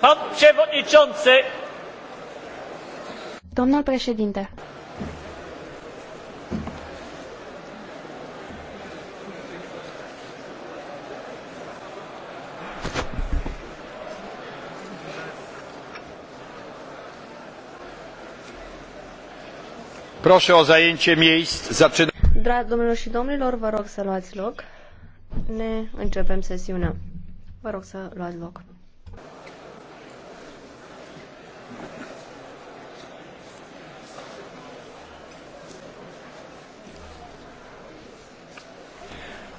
Pan przewodniczący! Domnul președinte. Proszę o zajęcie miejsc. Zaczynamy. Dragi domnilor și domnilor, vă rog să luați loc. Ne începem sesiunea. Vă rog să luați loc.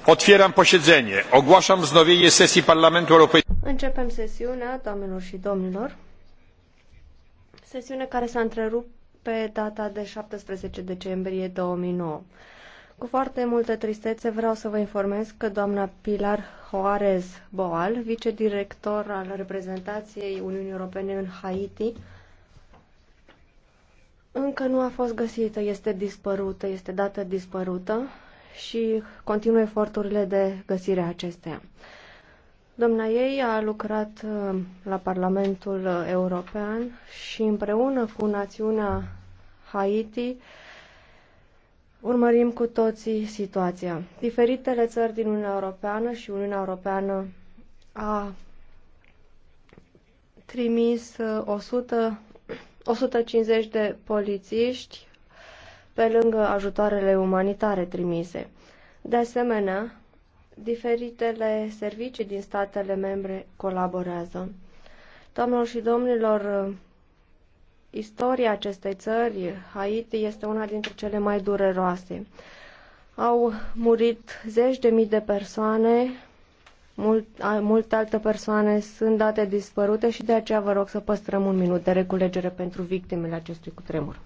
Otwieram posiedzenie. Ogłaszam wznowienie sesji Parlamentu Europejskiego. Începem sesiunea, doamnelor și domnilor. Sesiune care s-a întrerupt pe data de 17 decembrie 2009. Cu foarte multă tristețe vreau să vă informez că doamna Pilar Joarez Boal, vicedirector al reprezentației Uniunii Europene în Haiti, încă nu a fost găsită, este dispărută, este dată dispărută și continuă eforturile de găsire a acesteia. Domna ei a lucrat uh, la Parlamentul European și împreună cu națiunea Haiti urmărim cu toții situația. Diferitele țări din Uniunea Europeană și Uniunea Europeană a trimis 100, uh, 150 de polițiști pe lângă ajutoarele umanitare trimise. De asemenea, diferitele servicii din statele membre colaborează. Doamnelor și domnilor, istoria acestei țări, Haiti, este una dintre cele mai dureroase. Au murit zeci de mii de persoane, mult, multe alte persoane sunt date dispărute și de aceea vă rog să păstrăm un minut de reculegere pentru victimele acestui cutremur.